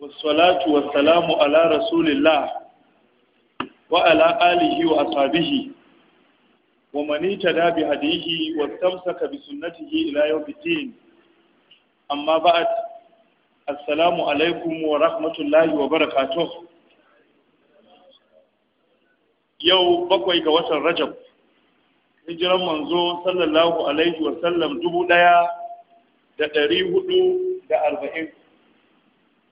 والصلاة والسلام على رسول الله وعلى آله وأصحابه ومن اتدى بهديه واستمسك بسنته إلى يوم الدين أما بعد السلام عليكم ورحمة الله وبركاته يوم بقوي كواتر رجب hijiran manzo sallallahu alaihi sallam dubu ɗaya da ɗari hudu da arba'in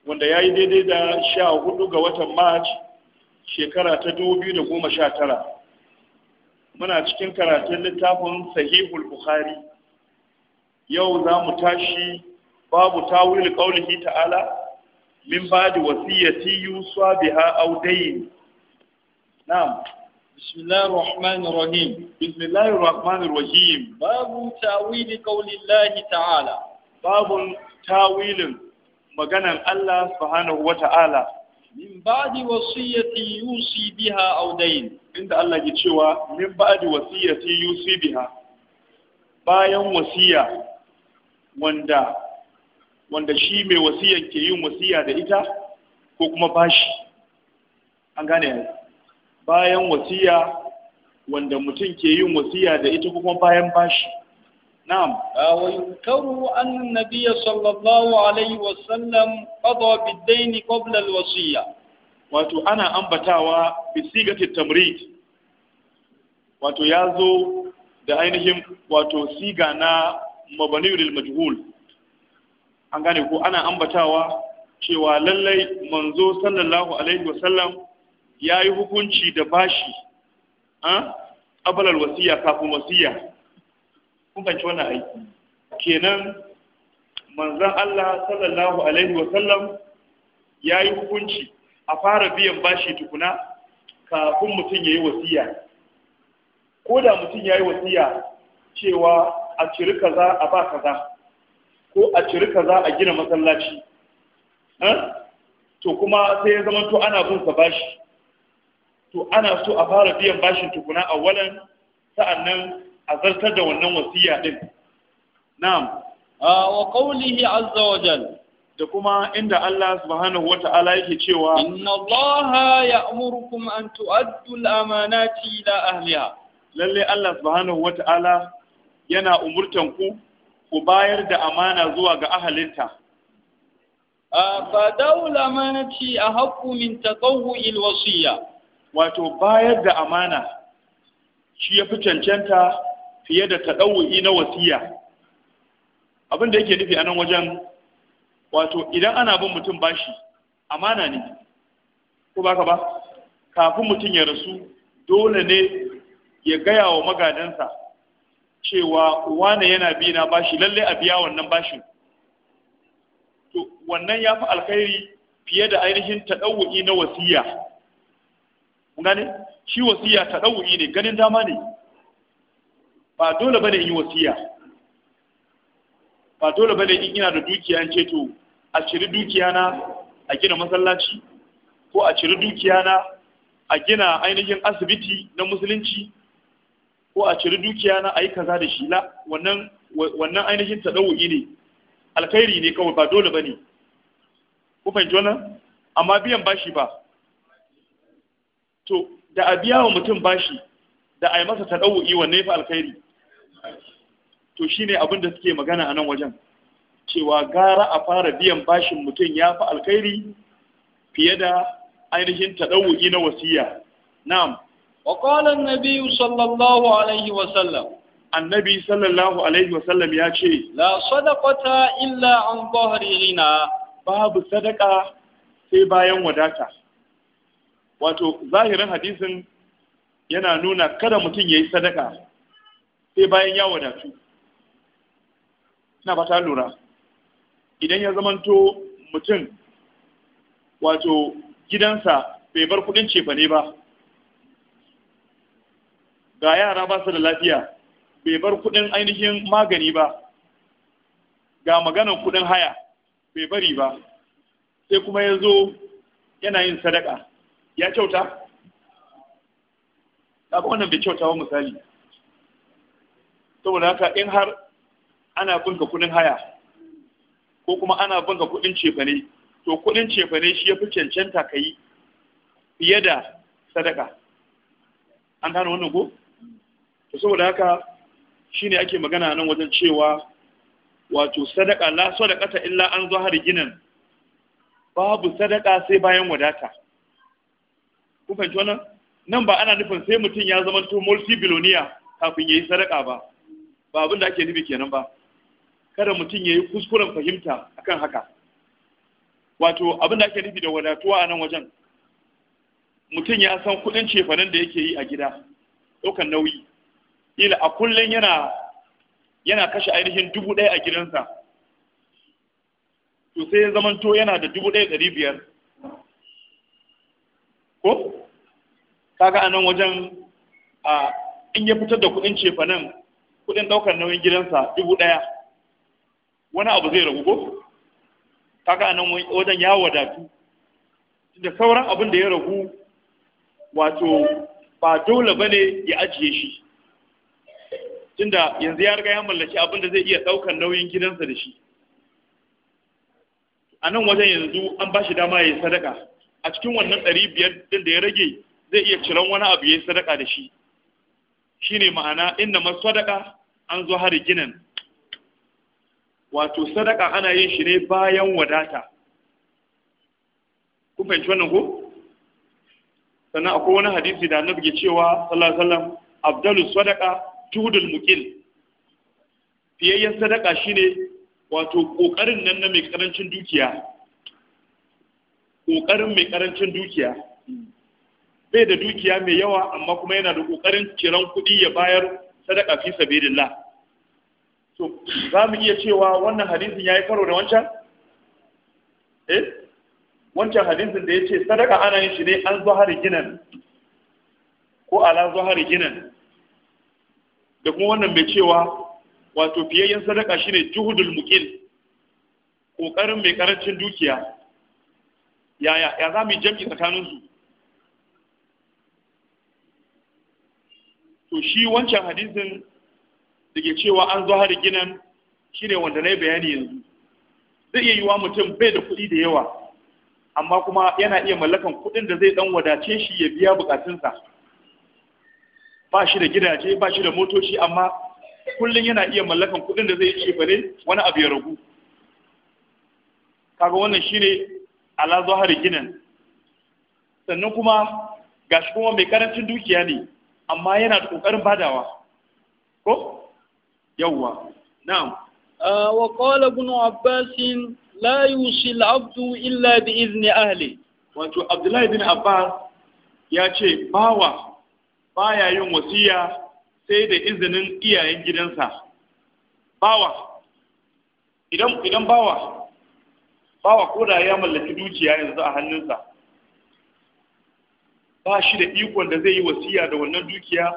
wanda ya yi daidai da sha hudu ga watan march shekara ta dubu biyu da goma sha tara muna cikin karatun littafin sahihul bukhari yau za mu tashi babu tawil qaulihi ta'ala min ba'di wasiyati yuswa biha aw dayn na'am bismillahir rahmanir rahim bismillahir rahmanir rahim babu tawil qaulillahi ta'ala babun tawilin maganan Allah subhanahu wa ta'ala min ba'di wasiyyati yusi biha aw dayn inda Allah ke cewa min ba'di wasiyyati yusi biha bayan wasiya wanda wanda shi mai wasiyan ke yin wasiya da ita ko kuma bashi an gane bayan wasiya wanda mutum ke yin wasiya da ita kuma bayan bashi نعم ويذكر أن النبي صلى الله عليه وسلم قضى بالدين قبل الوصية wato ana ambatawa bisigatit tamrid wato ya zo da ainihin wato siga na mabaniyul majhul an gane ko ana ambatawa cewa lallai manzo sallallahu alaihi wasallam ya yi hukunci da bashi a ƙabalar wasiya kafin wasiya kun fahimci wannan aiki kenan manzon Allah sallallahu alaihi wa sallam yayi hukunci a fara biyan bashi tukuna kafin mutum yayi wasiya ko da mutum yi wasiya cewa a ciri kaza a ba kaza ko a ciri kaza a gina masallaci eh, to kuma sai ya zama to ana bin sa bashi to ana so a fara biyan bashin tukuna a sa'annan a zartar da wannan wasiya din na'am wa qawlihi azza wa jal da kuma inda Allah subhanahu wata'ala yake cewa inna allaha ya'murukum an tu'addu al-amanati ila ahliha lalle Allah subhanahu wata'ala yana umurtan ku ku bayar da amana zuwa ga ahalinta fa daula manati a haƙƙu min taqawwil wasiya wato bayar da amana shi ya fi cancanta fiye da taɗawu'i na wasiya abin da yake nufi a nan wajen wato idan ana bin mutum bashi amana ne ko baka ba kafin mutum ya rasu dole ne ya gaya wa magadansa cewa wane yana bi na bashi lalle a biya wannan bashin to wannan ya fi alkhairi fiye da ainihin taɗawu'i na wasiya gane shi wasiya taɗawu'i ne ganin dama ne ba dole bane in yi wasiya ba dole bane in ina da dukiya ce to a ciri dukiya na a gina masallaci ko a ciri dukiya na a gina ainihin asibiti na musulunci ko a ciri dukiya na a yi kaza da shi la wannan wannan ainihin dawo ne alkhairi ne kawai ba dole bane ku fahimci wannan amma biyan bashi ba to da a biya wa mutum bashi da a yi masa dawo wanne fa alkhairi to shine abin da suke magana a nan wajen cewa gara a fara biyan bashin mutum ya fi alkhairi fiye da ainihin taɗauki na wasiya na'am wa Nabiyu sallallahu alaihi wa sallam annabi sallallahu alaihi wa sallam ya ce la sadaqata illa an dhahri ghina babu sadaka sai bayan wadata wato zahirin hadisin yana nuna kada mutum yayi sadaka sai bayan ya wadatu na ba lura idan ya zamanto mutum wato gidansa bai bar kudin cefane ba ga yara ba su da lafiya bai bar kudin ainihin magani ba ga maganan kudin haya bai bari ba sai kuma ya zo yana yin sadaka ya kyauta? kuma wannan bai kyauta wa misali. saboda haka in har ana binka kuɗin haya ko kuma ana binka kuɗin cefane to kuɗin cefane shi ya fi cancanta ka yi fiye da sadaka an gano wannan ko to saboda haka shine ake magana nan wajen cewa wato sadaka la sadaqata illa an zo har ginan babu sadaka sai bayan wadata ku fahimci wannan nan ba ana nufin sai mutum ya zama to multi billionaire kafin yi sadaka ba ba abin da ake nufi kenan ba kada mutum ya yi kuskuren fahimta akan haka wato abin da ake nufi da wadatuwa a nan wajen mutum ya san kuɗin cefanen da yake yi a gida ɗaukan nauyi ila a kullum yana yana kashe ainihin dubu ɗaya a gidansa to sai ya zamanto yana da dubu ɗaya ɗari biyar ko kaga a nan wajen a in ya fitar da kuɗin cefanen kuɗin ɗaukar nauyin gidansa dubu ɗaya wani abu zai ragu ko kaga anan wajen ya wadatu da sauran abin da ya ragu wato ba dole bane ya ajiye shi tunda yanzu ya riga ya mallaki abin da zai iya ɗaukar nauyin gidansa da shi a nan wajen yanzu an bashi dama ya yi sadaka a cikin wannan ɗari biyar ɗin da ya rage zai iya ciran wani abu ya yi sadaka da shi shine ma'ana inda masu sadaka an zo hari ginin wato sadaka ana yin shi ne bayan wadata ku fahimci wannan ko sannan akwai wani hadisi da annabi ke cewa sallallahu alaihi wasallam afdalu sadaka tudul muqil fiyayyen sadaka shine wato kokarin nan na mai karancin dukiya kokarin mai karancin dukiya bai da dukiya mai yawa amma kuma yana da kokarin kiran kuɗi ya bayar sadaka fi sabilillah to za mu iya cewa wannan hadisin ya yi karo da wancan eh wancan hadisin da ya ce sadaka ana yin shi ne an zuhari ginan ko ala zuhari ginan da kuma wannan mai cewa wato fiyayyen sadaka shine juhudul mukil kokarin mai ƙarancin dukiya yaya ya za mu yi jam'i tsakaninsu to shi wancan hadisin suke cewa an zo har ginin shine wanda na yi bayani yanzu zai iya yiwa mutum bai da kuɗi da yawa amma kuma yana iya mallakan kuɗin da zai ɗan wadace shi ya biya bukatunsa ba shi da gidaje ba shi da motoci amma kullum yana iya mallakan kuɗin da zai ce bare wani abu ya ragu kaga wannan shine ala har ginin sannan kuma gashi kuma mai karancin dukiya ne amma yana da ƙoƙarin badawa ko yawwa na'am wa qala ibn abbas la yusi al-abdu illa bi izni ahli wato abdullahi bin abbas ya ce bawa baya yin wasiya sai da izinin iyayen gidansa bawa idan idan bawa bawa ko da ya mallaki dukiya yanzu a hannunsa ba shi da ikon da zai yi wasiya da wannan dukiya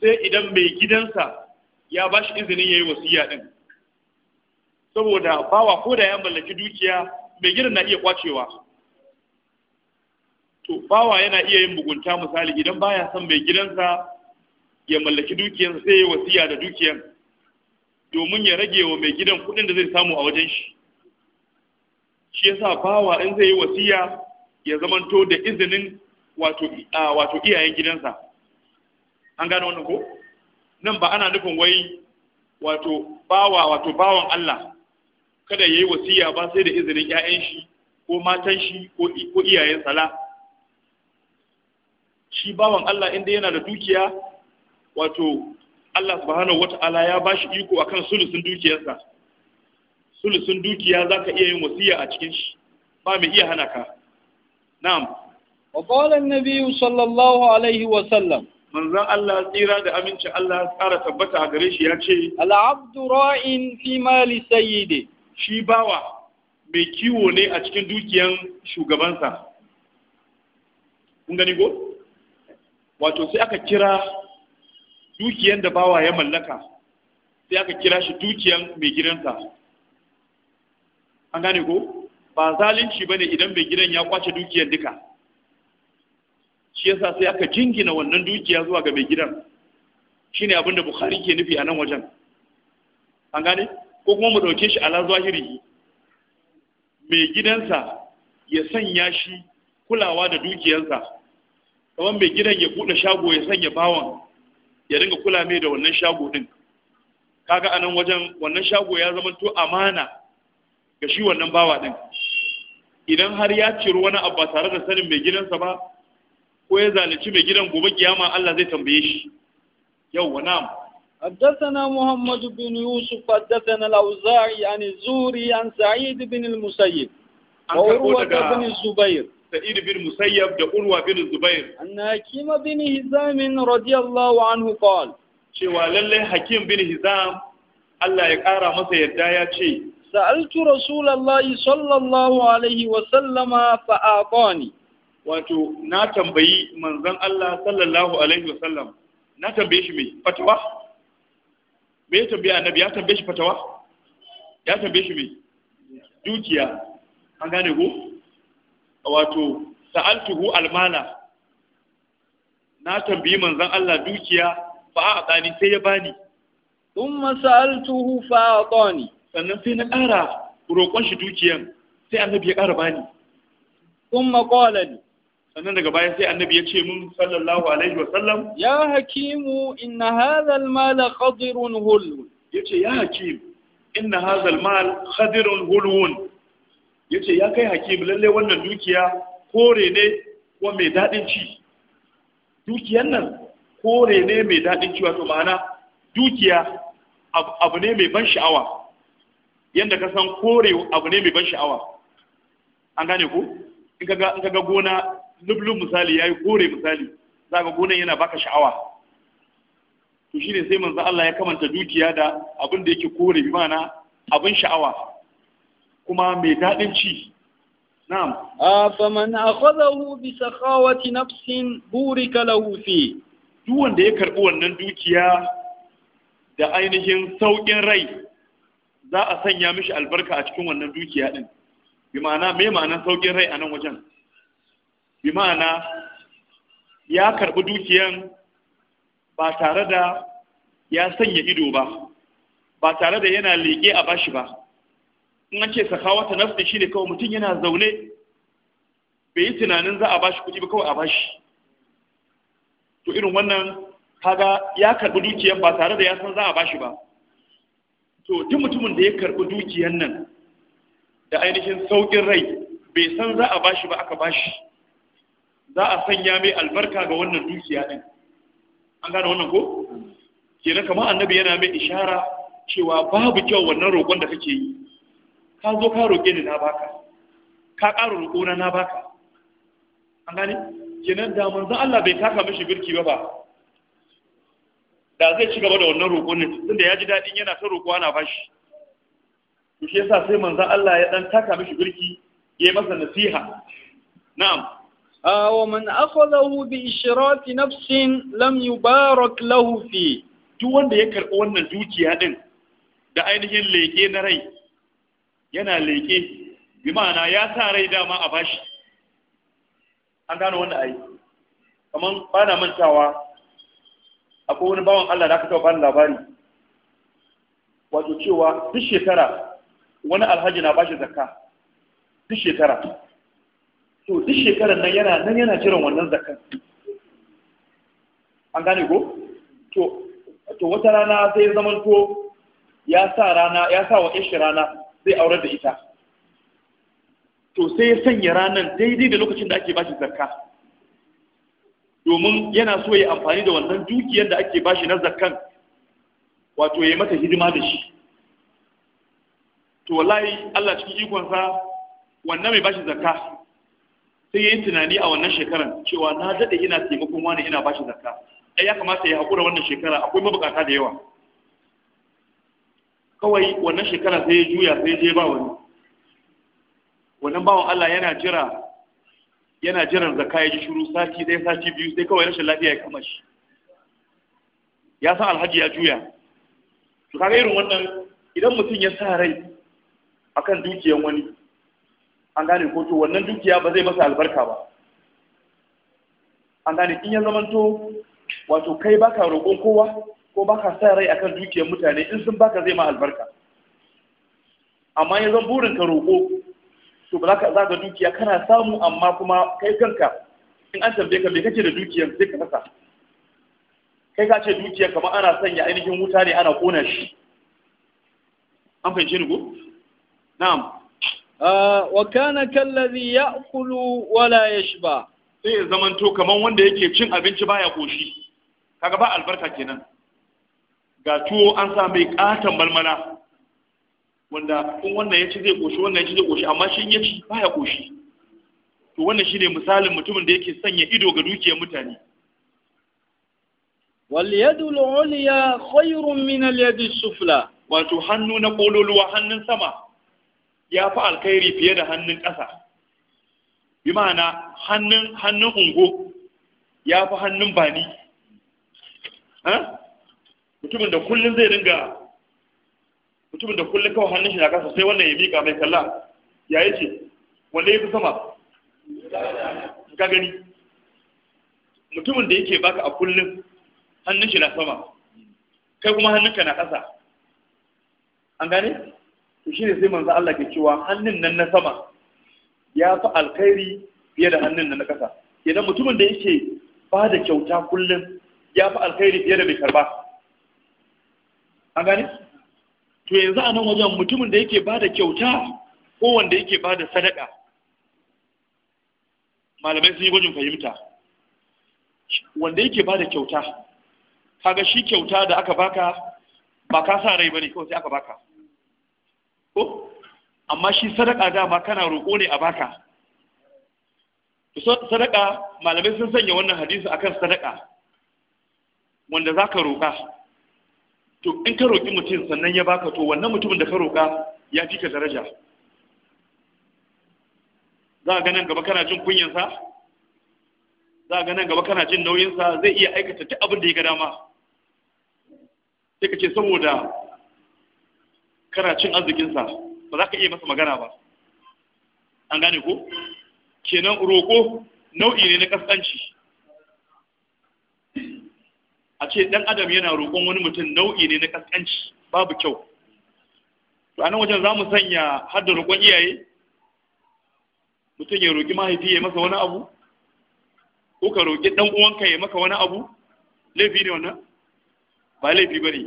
sai idan mai gidansa ya ba shi izinin ya yi wasiya ɗin saboda bawa ko da ya mallaki dukiya mai gidan na iya kwacewa to bawa yana iya yin mugunta misali idan baya son mai gidansa ya mallaki dukiyan sai ya wasiya da dukiyar domin ya rage wa mai gidan kuɗin da zai samu a wajen shi shi yasa bawa in zai yi wasiya ya zamanto da izinin wato iyayen gidansa an gane wannan ko nan ba ana nufin wai wato bawa wato bawan Allah kada yayi wasiya ba sai da izinin ƴaƴan shi ko matan shi ko iyayen sala shi bawan Allah inda yana da dukiya wato Allah subhanahu wata'ala ya ba shi iko akan sulusun dukiyarsa sulusun dukiya zaka iya yin wasiya a cikin shi ba mai iya hana ka na'am wa qala an-nabi sallallahu alaihi wa sallam manzon Allah tsira da amince Allah tsara tabbata a gare shi ya ce al'abdu ra'in fi mali sayyidi shi bawa mai kiwo ne a cikin dukiyan shugabansa kun gani wato sai aka kira dukiyan da bawa ya mallaka sai aka kira shi dukiyan mai gidansa an gane ko ba zalunci bane idan mai gidan ya kwace dukiyan duka shi yasa sai aka jingina wannan dukiya zuwa ga mai gidan shine abin da bukhari ke nufi a nan wajen an gane ko kuma mu dauke shi ala zahiri mai gidansa ya sanya shi kulawa da dukiyarsa kamar mai gidan ya buɗe shago ya sanya bawan ya dinga kula mai da wannan shago din kaga anan wajen wannan shago ya zama to amana ga shi wannan bawa din idan har ya ciro wani abu ba tare da sanin mai gidansa ba ko ya zalunci mai gidan gobe kiyama Allah zai tambaye shi yawwa na'am حدثنا محمد بن يوسف حدثنا الأوزاعي عن الزهري عن سعيد بن المسيب وعروة بن الزبير سعيد بن المسيب وعروة بن الزبير أن حكيم بن هزام رضي الله عنه قال شوى لله حكيم بن هزام الله يقارى مسا يدايا شيء سألت رسول الله صلى الله عليه وسلم فأعطاني wato na tambayi manzon Allah sallallahu alaihi wasallam na tambaye shi me fatawa me ya tambaye annabi ya tambaye shi fatawa ya tambaye shi me dukiya an gane ko wato sa'altuhu Almana na tambayi manzon Allah dukiya fa a tsani sai ya bani umma sa'altuhu fa atani sannan sai na ƙara roƙon shi dukiyan sai annabi ya ƙara bani umma qala sannan daga baya sai annabi ya ce mun sallallahu alaihi wasallam ya hakimu inna hadha al-mal qadirun hulun yace ya hakim inna hadha al-mal qadirun hulun yace ya kai hakim lalle wannan dukiya kore ne ko mai dadin ci dukiyan nan kore ne mai dadin ci wato ma'ana dukiya abu ne mai ban sha'awa yanda ka san kore abu ne mai ban sha'awa an gane ku in kaga in kaga gona lublub misali yayi kore misali zaka gonan yana baka sha'awa to shine sai manzo Allah ya kamanta dukiya da abin da yake kore bi mana abin sha'awa kuma mai dadin ci na'am faman akhadahu bi sakhawati nafsin burika lahu fi duk wanda ya karbi wannan dukiya da ainihin saukin rai za a sanya mishi albarka a cikin wannan dukiya din bi ma'ana mai ma'anan saukin rai a nan wajen bi ma'ana ya karɓi dukiyan ba tare da ya sanya ido ba ba tare da yana leƙe a bashi ba in an ce wata nafsi shi ne kawai mutum yana zaune bai yi tunanin za a bashi kuɗi ba kawai a bashi to irin wannan kaga ya karɓi dukiyan ba tare da ya san za a bashi ba to duk mutumin da ya karɓi dukiyan nan da ainihin sauƙin rai bai san za a bashi ba aka bashi za a sanya mai albarka ga wannan dukiya ɗin an gane wannan ko na kama annabi yana mai ishara cewa babu kyau wannan roƙon da kake yi ka zo ka roƙe ni na baka ka ƙara roƙo na na baka an gane nan da manzon Allah bai taka mishi birki ba ba da zai ci gaba da wannan roƙon ne tunda ya ji daɗin yana ta roƙo ana bashi to shi yasa sai manzon Allah ya dan taka mishi birki yi masa nasiha na'am ومن أخذه بإشراف نفس لم يبارك له فيه duk wanda ya karɓi wannan dukiya ɗin da ainihin leƙe na rai yana leƙe bi ma'ana ya sa rai dama a bashi an gano wanda ai kamar ba na mantawa akwai wani bawan Allah da aka taɓa bani labari wato cewa duk shekara wani alhaji na bashi zakka duk shekara to duk shekarar nan yana nan yana jiran wannan zakan an gane ko to wata rana sai zaman to ya sa rana ya sa wa ishi rana zai aurar da ita to sai ya sanya ranar daidai da lokacin da ake bashi zakka domin yana so ya amfani da wannan dukiyar da ake bashi na zakkan wato ya yi mata hidima da shi to wallahi Allah cikin ikonsa wannan mai bashi zakka sai ya yi tunani a wannan shekaran cewa na daɗe ina taimakon wani ina bashi zakka ai ya kamata ya haƙura wannan shekara akwai mabukata da yawa kawai wannan shekara sai ya juya sai ya je ba wani wannan bawan Allah yana jira yana jiran zakka ya ji shiru sati ɗaya sati biyu sai kawai rashin lafiya ya kama shi ya san alhaji ya juya to kaga irin wannan idan mutum ya sa rai akan dukiyar wani an gane ko to wannan dukiya ba zai masa albarka ba an gane in ya zamanto wato kai baka roƙon kowa ko baka sa rai akan dukiyar mutane in sun baka zai ma albarka amma ya zan burin ka roƙo to ba za ka zaga dukiya kana samu amma kuma kai kanka in an tambaye ka me kake da dukiyar sai ka rasa kai ka ce dukiyar kamar ana sanya ainihin wuta ne ana kona shi an fahimce ni ko na'am Ah, wa kana kallazi ya'kulu wala yashba sai ya zamanto kaman wanda yake cin abinci baya koshi kaga ba albarka kenan ga tuwo an sa mai katon balmala wanda in wannan ya ci zai koshi wannan ya ci zai koshi amma shi ya ci baya koshi to wannan shine misalin mutumin da yake sanya ido ga dukiyar mutane wal yadu al-ulya khayrun min al-yadi as-sufla wato hannu na kololuwa hannun sama ya fi alkhairi fiye da hannun ƙasa bi ma'ana hannun hannun ungo ya fi hannun bani mutumin da kullum zai ringa mutumin da kullum kawai hannun shi na ƙasa sai wannan ya miƙa mai kalla ya yi ce wanda ya fi sama ka gani mutumin da yake baka a kullum hannun shi na sama kai kuma hannunka na ƙasa an gane to ne sai manzo Allah ke cewa hannun nan na sama ya fi alkhairi fiye da hannun nan na ƙasa idan mutumin da yake ba da kyauta kullum ya fi alkhairi fiye da mai karba an gane to yanzu a nan wajen mutumin da yake ba da kyauta ko wanda yake ba da sadaka malamai sun yi gwajin fahimta wanda yake ba da kyauta kaga shi kyauta da aka baka ba ka sa rai bane kawai sai aka baka ko amma shi sadaka dama kana roƙo ne a baka sadaka malamai sun sanya wannan hadisi akan sadaka wanda za ka roƙa to in ka roƙi mutum sannan ya baka to wannan mutumin da ka roƙa ya fi ka daraja za a ganin gaba kana jin kunyansa za a ganin gaba kana jin nauyinsa zai iya aikata duk abin da ya ga dama sai ka ce saboda kana cin arzikinsa ba za ka iya masa magana ba an gane ko kenan roƙo nau'i ne na kaskanci a ce ɗan adam yana roƙon wani mutum nau'i ne na kaskanci babu kyau to a nan wajen za mu sanya har da roƙon iyaye mutum ya roƙi mahaifi ya masa wani abu ko ka roƙi ɗan uwanka ya maka wani abu laifi ne wannan ba laifi ba ne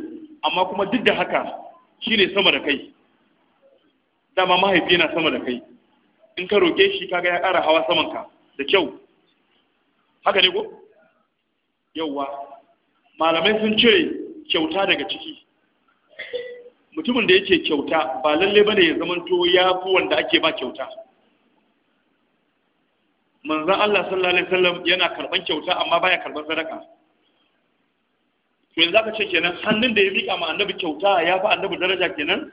amma kuma duk da haka shi ne sama da kai dama mahaifi yana sama da kai in ka roke shi kaga ya ƙara hawa samanka da kyau haka ne ko yauwa malamai sun ce kyauta daga ciki mutumin da yake kyauta ba lalle bane ya zamanto ya fi wanda ake ba kyauta Manzan Allah sallallahu alaihi wasallam yana karban kyauta amma baya karban sadaka yanzu aka ce kenan hannun da ya miƙa ma annabi kyauta ya fi annabi daraja kenan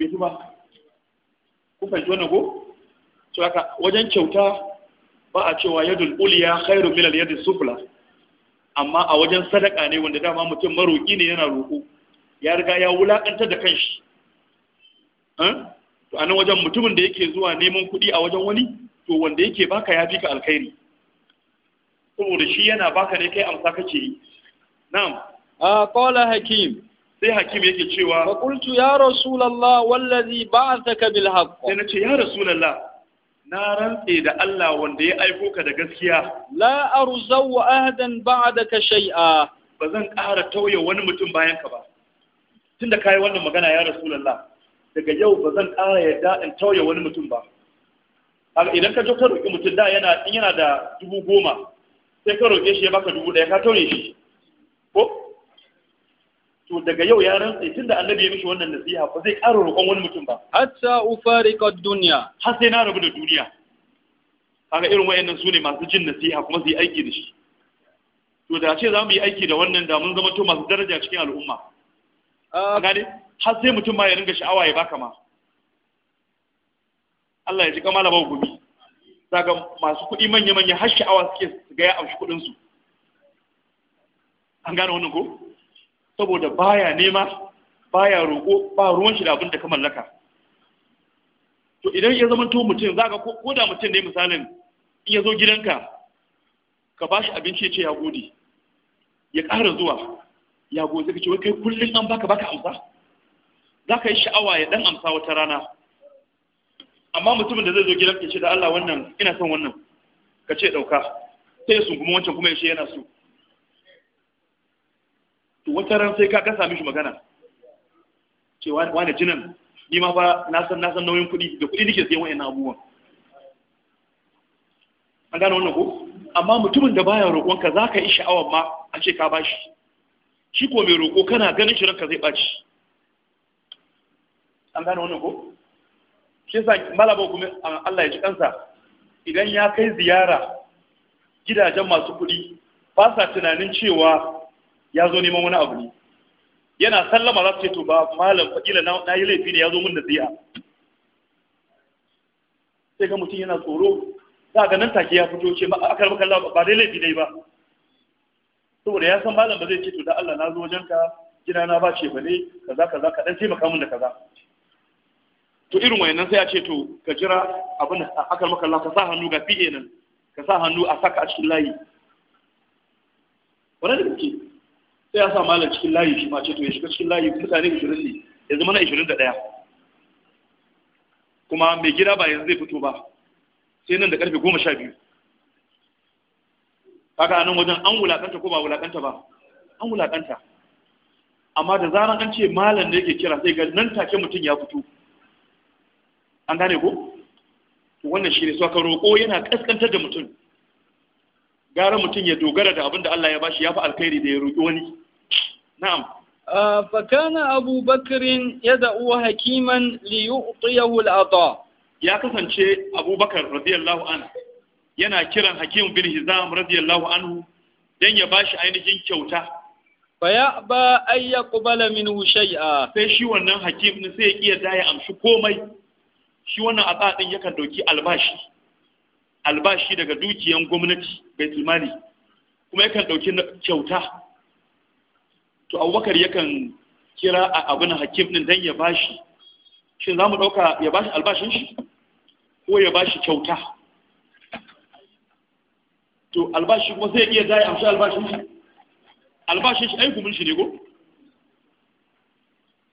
bai ba ku fahimci wannan ko to haka wajen kyauta ba a cewa yadul uliya khairu min al yadis sufla amma a wajen sadaka ne wanda dama mutum maroki ne yana roko ya riga ya wulakantar da kanshi to anan wajen mutumin da yake zuwa neman kuɗi a wajen wani to wanda yake baka ya fi ka alkhairi saboda shi yana baka ne kai amsa kake yi na'am a qala hakim sai hakim yake cewa fa qultu ya rasulullah wallazi ba'athaka bil haqq sai nace ya rasulullah na rantse da Allah wanda ya aiko ka da gaskiya la arzaw ahadan ba'daka shay'a ba zan ƙara tauye wani mutum bayan ka ba tunda kai wannan magana ya rasulullah daga yau ba zan ƙara yadda in tauye wani mutum ba idan ka jokar ka mutum da yana yana da dubu goma sai ka roƙe shi ya baka dubu ɗaya ka tauye shi ko to daga yau ya rantsa tun da annabi ya mishi wannan nasiha ba zai ƙara roƙon wani mutum ba hatta ufarika duniya har sai na rabu da duniya kaga irin wayannan su ne masu jin nasiha kuma su yi aiki da shi to da ce za mu yi aiki da wannan da mun zama to masu daraja cikin al'umma ah. gane har sai mutum ma ya ringa sha'awa ya baka ma Allah ya ji kamala ba gumi daga masu kuɗi manya-manya har sha'awa suke ga ya amshi kuɗinsu an gane wannan ko saboda baya nema baya roƙo ba ruwan shi da abin da ka mallaka to idan ya zama to mutum zaga ko da mutum ne misalin in ya zo gidanka ka bashi abinci ya ce ya gode ya ƙara zuwa ya gode ka ce wai kai kullum an baka baka amsa za ka yi sha'awa ya ɗan amsa wata rana amma mutumin da zai zo gidan ce da Allah wannan ina son wannan ka ce ɗauka sai sun kuma wancan kuma ya ce yana so to wata ran sai ka ka sami shi magana cewa wani jinan ni ma ba na san na san nauyin kuɗi da kuɗi nake sayan wa'annan abubuwan an gane wannan ko amma mutumin da baya roƙon ka zaka yi sha'awar ma a ce ka bashi shi ko mai roƙo kana ganin shi ranka zai ɓaci an gane wannan ko shi yasa malama kuma Allah ya ji kansa idan ya kai ziyara gidajen masu kuɗi ba sa tunanin cewa ya zo neman wani abu ne yana sallama za su ce to ba malam fakila na yi laifi ne ya zo min da tsiya sai ga mutum yana tsoro za ga nan take ya fito ce a maka Allah ba dai laifi dai ba saboda ya san malam ba zai ce to da Allah na zo wajenka, gidana gida na ba ce bane kaza kaza ka dan taimaka min da kaza to irin wayannan sai a ce to ka jira abin da aka maka Allah ka sa hannu ga fiye nan ka sa hannu a saka a cikin layi wannan da ke sai ya sa malam cikin layi shi ma ce to ya shiga cikin layi mutane 20 ne ya zama na 21 kuma mai gida ba yanzu zai fito ba sai nan da karfe 12 kaga nan wajen an wulakanta ko ba wulakanta ba an wulakanta amma da zaran an ce malam da yake kira sai ga nan take mutum ya fito an gane ko wannan shi ne su roƙo yana ƙasƙantar da mutum gara mutum ya dogara da abinda da Allah ya bashi ya fi alkhairi da ya roƙi wani na'am kana abu bakarin ya uwa hakiman li yu'tiyahu al ya kasance abubakar radiyallahu anhu yana kiran hakim bin hizam radiyallahu anhu dan ya bashi ainihin kyauta fa ya ba ayyaku Bala minhu shay'a sai shi wannan hakim ne sai ya iya da amshi komai shi wannan atsa din yakan ɗauki albashi albashi daga dukiyan gwamnati baitul mali kuma yakan ɗauki kyauta to abubakar yakan kira a abin hakim din dan ya bashi shin za mu dauka ya bashi albashin shi ko ya bashi kyauta to albashi kuma zai iya zai amshi albashin shi albashin shi aikumin shi ne ko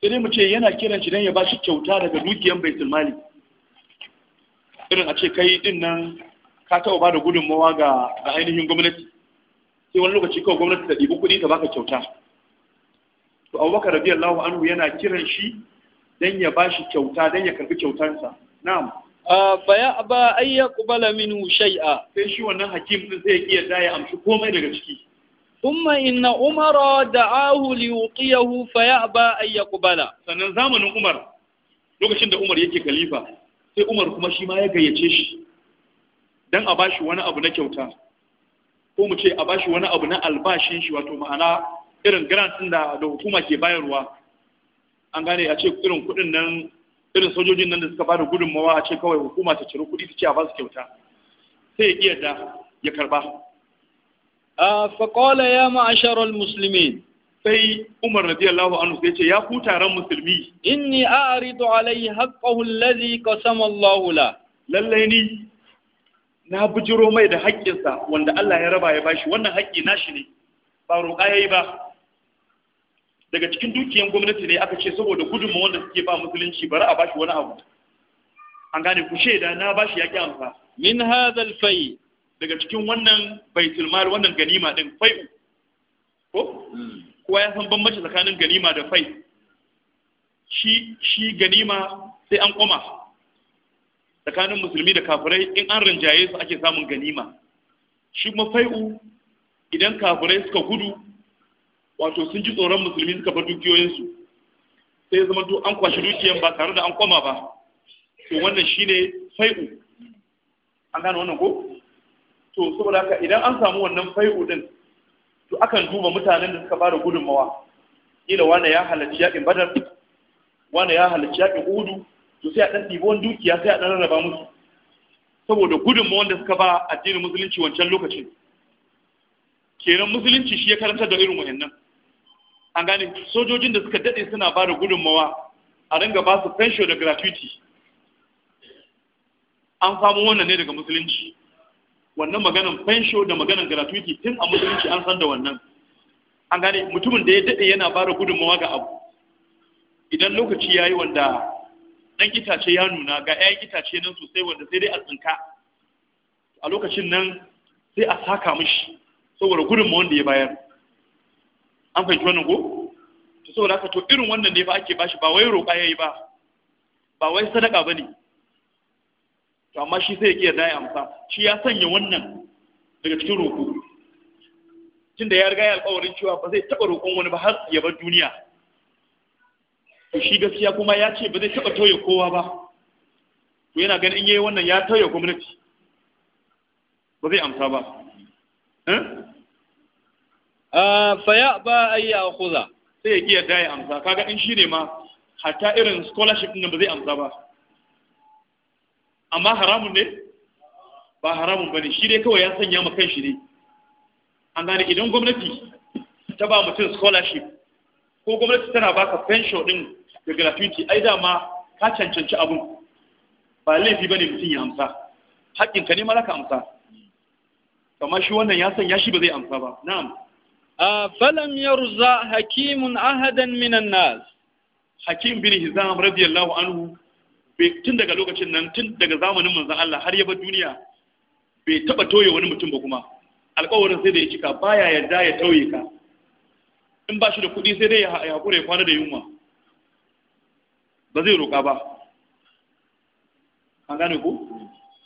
sai mu ce yana kiran shi dan ya bashi kyauta daga dukiyan baitul mali irin a ce kai din nan ka taɓa ba da gudunmawa ga ainihin gwamnati sai wani lokaci kawai gwamnati ta ɗibi kuɗi ta baka kyauta to abubakar radiyallahu anhu yana kiran shi dan ya ba shi kyauta dan ya karɓi kyautansa na'am ba aba ya yaqbala minhu shay'a sai shi wannan hakim din zai iya da ya amshi komai daga ciki thumma inna umara da'ahu liyuqiyahu faya aba ya yaqbala sannan zamanin umar lokacin da umar yake khalifa sai umar kuma shi ma ya gayyace shi don a bashi wani abu na kyauta ko mu ce a bashi wani abu na albashin shi wato ma'ana irin grant da hukuma ke bayarwa an gane a ce irin kudin nan irin sojojin nan da suka bada gudunmawa a ce kawai hukuma ta ciro kuɗi ta ce a basu kyauta sai ya iya da ya karba a ah, faƙola ya ma'asharar musulmi sai Umar radiyallahu anhu sai ce ya ku taron musulmi inni a'ridu alayhi haqqahu alladhi qasama Allahu la lalle ni na bujiro mai da haƙƙinsa wanda Allah ya raba ya bashi wannan haƙƙi nashi ne ba roƙa yayi ba daga cikin dukiyan gwamnati ne aka ce saboda gudunmu wanda suke ba musulunci bari a bashi wani abu an gane ku da na bashi yaƙi amsa min hadha alfai daga cikin wannan baitul mal wannan ganima din fai'u ko hmm. kowa ya san bambanci tsakanin ganima da fai shi shi ganima sai an koma tsakanin musulmi da kafirai in an rinjaye su ake samun ganima shi kuma fai'u idan kafirai suka gudu wato sun ji tsoron musulmi suka bar dukiyoyinsu sai zama to an kwashi dukiyan ba tare da an koma ba to wannan shine fai'u an gane wannan ko to saboda haka idan an samu wannan fai'u din to akan duba mutanen da suka fara gudunmawa ila wanda ya halarci yakin badar wanda ya halarci yakin udu to sai a dan ɗibon dukiya sai a dan rarraba musu saboda gudunmawa da suka ba addinin musulunci wancan lokacin kenan musulunci shi ya karanta da irin wayannan an gane sojojin da suka daɗe suna ba da gudunmawa a ringa ba su pension da gratuity an samu wannan ne daga musulunci wannan maganan fensho da maganan gratuity tun a musulunci an san da wannan an gane mutumin da ya daɗe yana ba da gudunmawa ga abu idan lokaci ya yi wanda ɗan itace ya nuna ga 'ya'yan itace nan sosai wanda sai dai a tsinka a lokacin nan sai a saka mishi saboda gudunmawan da ya bayar an fahimci wannan ko to saboda haka to irin wannan ne ba ake bashi ba wai roƙa yayi ba ba wai sadaka bane to amma shi zai ya daya amsa shi ya sanya wannan daga cikin roƙo da ya riga ya alƙawarin cewa ba zai taɓa roƙon wani ba har ya bar duniya to shi gaskiya kuma ya ce ba zai taɓa tauye kowa ba to yana ganin in yayi wannan ya tauye gwamnati ba zai amsa ba eh? ah, fa ya ba ai ya khuza sai ya iya yadda amsa kaga in shi ne ma hatta irin scholarship din ba zai amsa ba amma haramun ne ba haramun ba ne. shi dai kawai ya sanya ma shi ne an gane idan gwamnati ta ba mutum scholarship ko gwamnati tana baka pension din da gratuity ai dama ka cancanci abun ba laifi ba ne mutum ya amsa haƙƙin ka ne ma ka amsa kamar shi wannan ya sanya shi ba zai amsa ba na'am falam yarza hakimun ahadan minan nas hakim bin hizam radiyallahu anhu tun daga lokacin nan tun daga zamanin manzon Allah har ya bar duniya bai taba toye wani mutum ba kuma alƙawarin sai da ya cika baya yarda ya tauye ka in ba shi da kuɗi sai dai ya haƙura ya kwana da yunwa ba zai roƙa ba an gane ku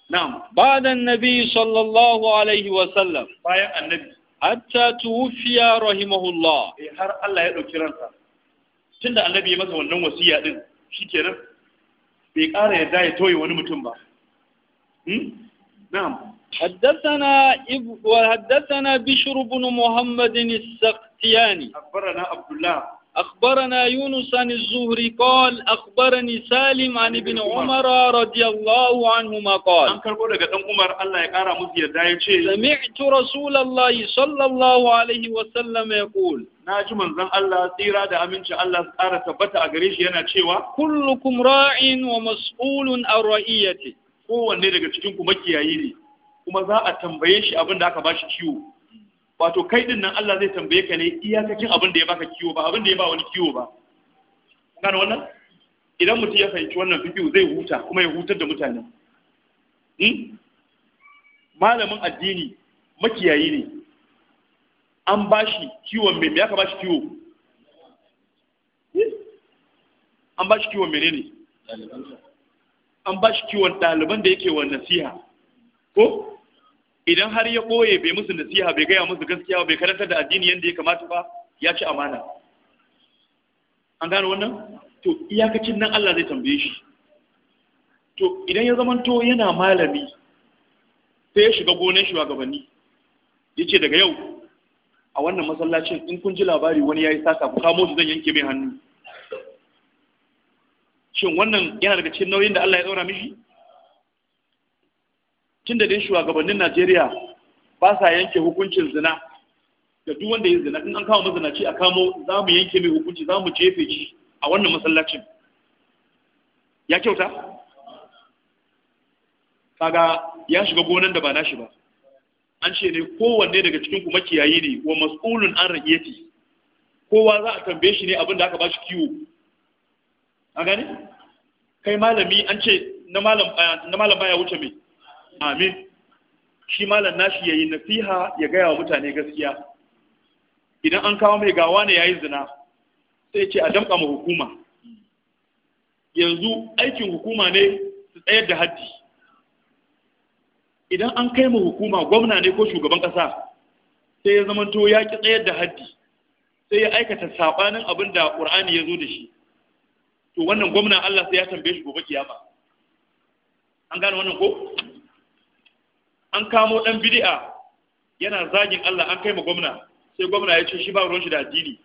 na'am Ba da nabi sallallahu alaihi wa sallam bayan annabi hatta tuwfiya rahimahullah eh har Allah ya dauki ransa tunda annabi ya masa wannan wasiya din shikenan bai ƙara yadda ya toye wani mutum ba. Hmm? Na’am. Haddasa na Bishir bin Muhammadin Saktiyani. Abbarana Abdullah. أخبرنا يونس عن الزهري قال أخبرني سالم عن ابن عمر رضي الله عنهما قال سمعت رسول الله صلى الله عليه وسلم يقول na ji manzan Allah tsira da aminci Allah tsara tabbata a gare shi yana cewa kullukum ra'in wa mas'ulun an ra'iyati kowanne daga cikin ku makiyayi ne kuma za a tambaye shi abin da aka shi ciwo wato kai din nan Allah zai tambaye ka ne iyakacin abin da ya baka kiwo ba abin da ya ba wani kiwo ba gane wannan idan mutum ya fahimci wannan fikihu zai huta kuma ya hutar da mutane hmm? malamin addini makiyayi ne an bashi kiwon me ya ka bashi kiwo hmm? an bashi kiwon menene an bashi kiwon ɗaliban da yake wa nasiha ko idan har ya ɓoye bai musu nasiha bai gaya musu gaskiya bai karantar da addini yadda ya kamata ba ya ci amana an gano wannan to iyakacin nan Allah zai tambaye shi to idan ya zamanto yana malami sai ya shiga gonan shugabanni ya ce daga yau a wannan masallacin in kun ji labari wani ya yi saka ku kamo zan yanke mai hannu shin wannan yana daga cikin nauyin da Allah ya ɗaura mishi tun da dai shugabannin Najeriya ba sa yanke hukuncin zina da duk wanda ya zina in an kama mazinaci a kamo za mu yanke mai hukunci za mu jefe shi a wannan masallacin ya kyauta kaga ya shiga gonan da ba nashi ba an ce ne kowanne daga cikin ku makiyayi ne wa mas'ulun an rayyati kowa za a tambaye shi ne abin da aka ba shi kiwo a gani kai malami an ce na malam eh, baya wuce mai amin shi malam nashi yi nasiha ya gaya wa mutane gaskiya idan an kawo mai gawa ne ya yi zina sai ce a damka ma hukuma yanzu aikin hukuma ne su tsayar da haddi idan an kai ma hukuma gwamna ne ko shugaban ƙasa sai ya zamanto ya ki tsayar da haddi sai ya aikata sabanin abin da ƙur'ani ya zo da shi to wannan gwamna Allah sai ya tambaye shi gobe kiyama an gane wannan ko an kamo dan bid'a yana zagin Allah an kai ma gwamna sai gwamna ya ce shi ba ruwan shi da addini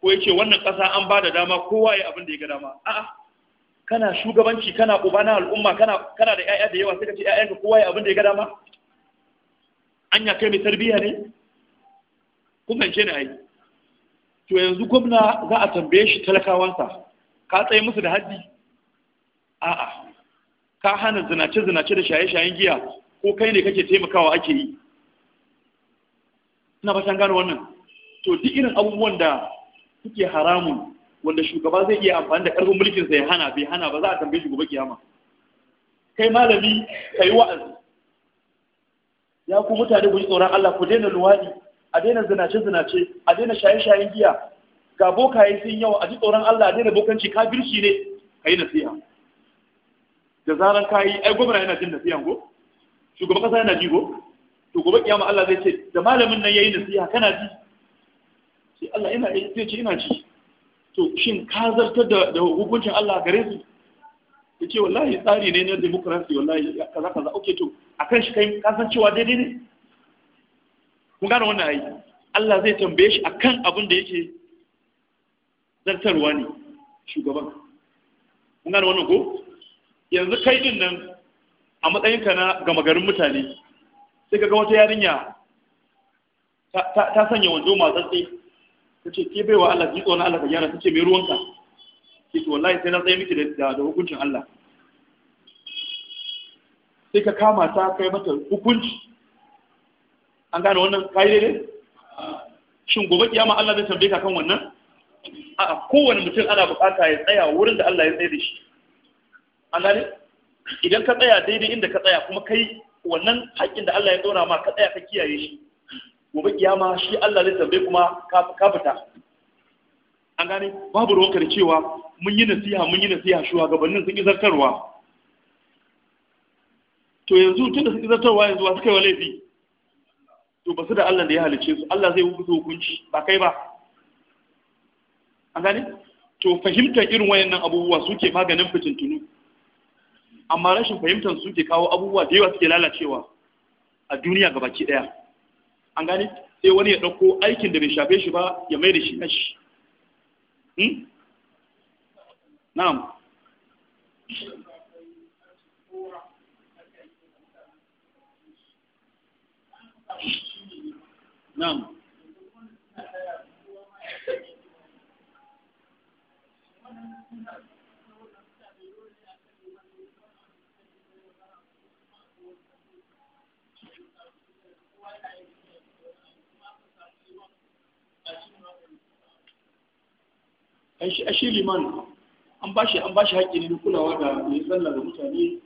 ko ya ce wannan ƙasa an ba da dama kowa ya abin da ya ga dama a'a kana shugabanci kana uba na al'umma kana kana da ƴaƴa da yawa sai ka ce ƴaƴanka kowa ya abin da ya ga dama anya kai mai tarbiyya ne kun fahimce ni ai to yanzu gwamna za a tambaye shi talakawansa ka tsaye musu da haddi a'a ka hana zinace zinace da shaye shayen giya ko kai ne kake taimakawa ake yi ina fatan gane wannan to duk irin abubuwan da suke haramun wanda shugaba zai iya amfani da karfin mulkin sa ya hana bai hana ba za a tambaye shi gobe kiyama kai malami kai wa'azi ya ku mutane ku ji tsoron Allah ku daina luwadi a daina zinace zinace a daina shaye-shayen giya ga bokaye sun yawa a ji tsoron Allah a daina bokanci kafirci ne kai nasiha da zaran kayi ai gwamna yana jin nasiha ko shugaban kasa yana jigo to gobe kiyama Allah zai ce da malamin nan yayi nasiha kana ji sai Allah ina zai ce ina ji to shin ka zartar da da hukuncin Allah gare su yace wallahi tsari ne na demokrasi wallahi kaza kaza okay to akan shi kai ka san cewa daidai ne kun gane wannan ai Allah zai tambaye shi akan abin da yake zartarwa ne shugaban kun gane wannan ko yanzu kai din nan a matsayinka na gama garin mutane sai ka ga wata yarinya ta sanya wando tsatsi ta ce ke baiwa Allah ji tsona Allah ka gyara ta ce mai ruwanka ke to wallahi sai na tsaye miki da hukuncin Allah sai ka kama ta kai mata hukunci an gane wannan kayi daidai shin gobe kiyama Allah zai tambaye ka kan wannan a kowane mutum ana bukata ya tsaya wurin da Allah ya tsaye da shi an gane idan ka tsaya daidai inda ka tsaya kuma kai wannan haƙƙin da Allah ya dora ma ka tsaya ka kiyaye shi gobe kiyama shi Allah zai tambaye kuma ka fita an gane babu ruwanka da cewa mun yi nasiha mun yi nasiha shugabannin sun izartarwa to yanzu tunda sun izartarwa yanzu wasu kai wa laifi to ba su da Allah da ya halice su Allah zai hukunta hukunci ba kai ba an gane to fahimtar irin wayannan abubuwa suke maganin fitintunu amma rashin fahimtar su ke kawo abubuwa da yawa suke lalacewa a duniya ga baki ɗaya an gane sai wani ya ɗauko aikin da bai shafe shi ba ya mai da shi na shi Thank hmm? you. a shi liman an ba shi an ba shi haƙƙi ne na kulawa da ya tsalla da mutane ya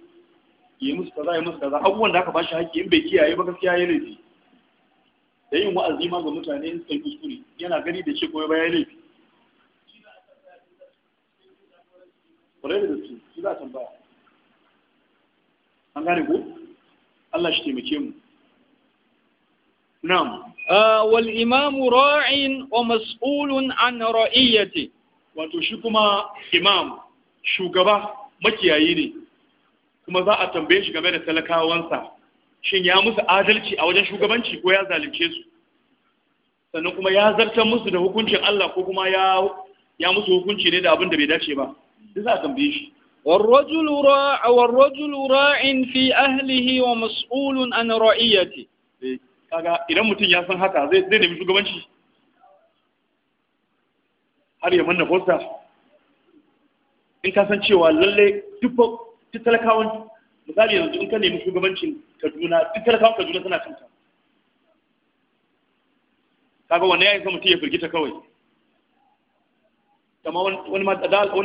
yi musu kaza ya musu kaza abubuwan da aka ba shi haƙƙi in bai kiyaye ba gaskiya ya laifi da yin wa'azi ma ga mutane in sai kuskure yana gani da shi koyo ba ya laifi kwarai da gaske shi za a tambaya an gane ko Allah shi taimake mu na'am ah, wal imamu ra'in wa mas'ulun an wato shi kuma imam shugaba makiyayi ne kuma za a tambaye shi game da talakawansa shin ya musu adalci a wajen shugabanci ko ya zalunce su sannan kuma ya zartar musu da hukuncin Allah ko kuma ya ya musu hukunci ne da abin da bai dace ba duk za a tambaye shi والرجل راع والرجل راع في اهله ومسؤول عن رعيته eh, kaga idan mutum ya san haka zai zai nemi shugabanci har ya manna bauta, in ka san cewa lalle duk duk talakawan misali yanzu in ka nemi shugabancin Kaduna duk talakawan Kaduna suna kanta kaga wannan yayin mutum ya firgita kawai kama wani ma wani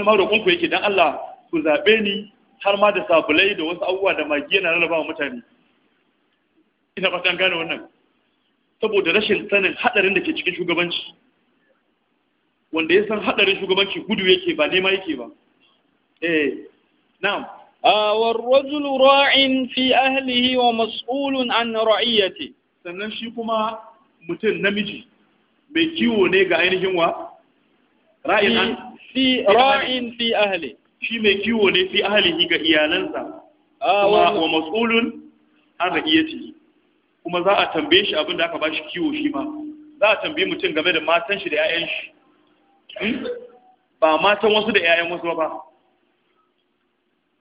ma yake don Allah ku zaɓe ni har ma da sabulai da wasu abubuwa da magiya na rarraba wa mutane ina ta gane wannan saboda rashin sanin haɗarin da ke cikin shugabanci wanda ya san hadarin shugabanci gudu yake ba nema yake ba eh na'am ra'in fi ahlihi wa mas'ulun an ra'iyati sannan shi kuma mutum namiji mai kiwo ne ga ainihin wa ra'in fi ra'in fi ahli shi mai kiwo ne fi ahlihi ga iyalansa wa mas'ulun an ra'iyati kuma za a tambaye shi abinda aka ba shi kiwo shi ma za a tambaye mutum game da matan shi da 'ya'yan shi Hmm? ba matan wasu da 'ya'yan wasu ba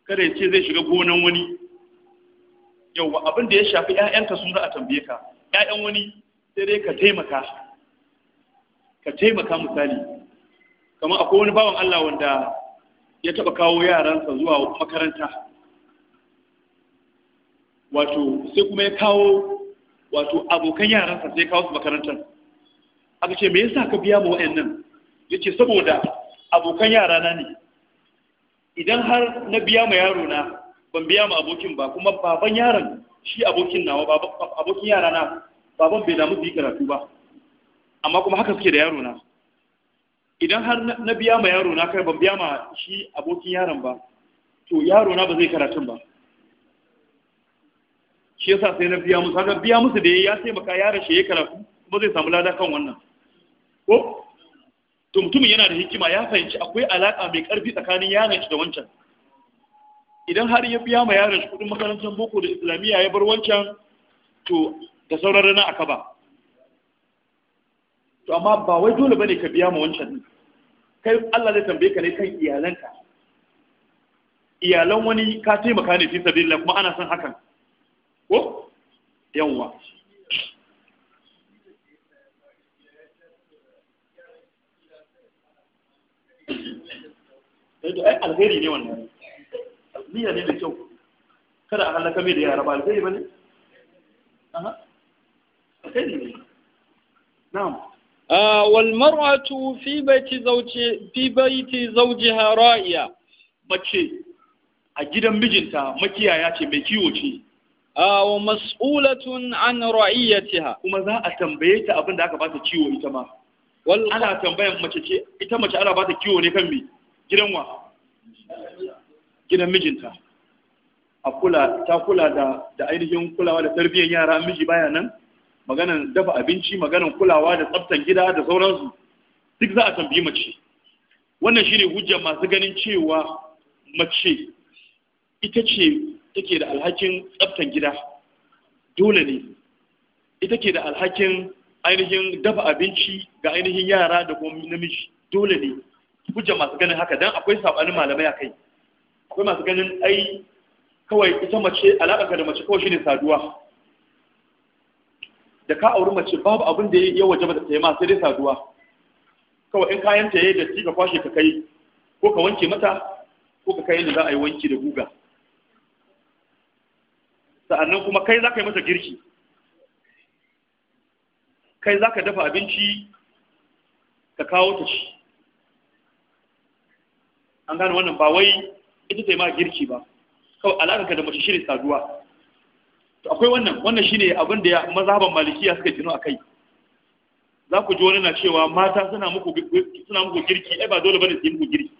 kada ya ce zai shiga gonan wani yauwa abin da ya shafi 'ya'yanka sun za a tambaye ka 'ya'yan wani sai dai ka taimaka ka taimaka misali kamar akwai wani bawan Allah wanda ya taɓa kawo yaransa zuwa makaranta wato sai kuma ya kawo wato abokan yaransa sai kawo su makarantar aka ce me yasa ka biya mu wa'annan yace saboda abokan yara na ne idan har na biya ma yaro na ban biya ma abokin ba kuma baban yaron shi abokin nawa abokin yara na baban bai damu fi yi karatu ba amma kuma haka suke da yaro na idan har na biya ma yaro na kai ban biya ma shi abokin yaron ba to yaro na ba zai karatun ba shi yasa sai na biya musu haka biya musu da ya taimaka yaron shi ya karatu kuma zai samu lada kan wannan ko to mutumin yana da hikima ya fahimci akwai alaka mai karfi tsakanin yaron shi da wancan idan har ya biya ma yaron shi kudin makarantar boko da islamiyya ya bar wancan to da sauran rana aka ba to amma ba wai dole bane ka biya ma wancan din kai Allah zai tambaye ka ne kan iyalanka iyalan wani ka taimaka ne fi sabilillah kuma ana son hakan ko yawwa sai to ai alheri ne wannan niyya ne da kyau kada a halaka mai da yara ba alheri bane aha alheri ne na'am والمرأة في بيت زوج في بيت زوجها راعية mace a gidan mijinta makiyaya ce mai kiwo ce ah, wa mas'ulatun an ra'iyatiha kuma za a tambaye ta abin da aka ba ta kiwo ita ma wal ana tambayan mace ce ita mace ana ba ta kiwo ne kan me gidan gidan mijinta a kula ta kula da da ainihin kulawa da tarbiyyar yara miji baya nan maganan dafa abinci maganan kulawa da tsaftan gida da sauransu duk za a tambayi mace wannan shine hujja masu ganin cewa mace ita ce take da alhakin tsaftan gida dole ne ita ke da alhakin ainihin dafa abinci ga ainihin yara da kuma namiji dole ne hujjar masu ganin haka dan akwai sabanin malamai a kai akwai masu ganin ai kawai ita mace alaƙa da mace kawai shine saduwa da ka auri mace babu abin da ya wajaba da ma sai dai saduwa kawai in kayan ta yi da ci ka kwashe ka kai ko ka wanke mata ko ka kai da za a yi wanki da guga sa'annan kuma kai za ka yi mata girki kai za ka dafa abinci ka kawo ta shi. an gane wannan ba wai ita ta yi ma girki ba kawai alaƙa ka da mace shirin saduwa to akwai wannan wannan shine abin da mazhaban malikiya suka gino akai za ku ji wani na cewa mata suna muku suna muku girki ai ba dole bane su yi muku girki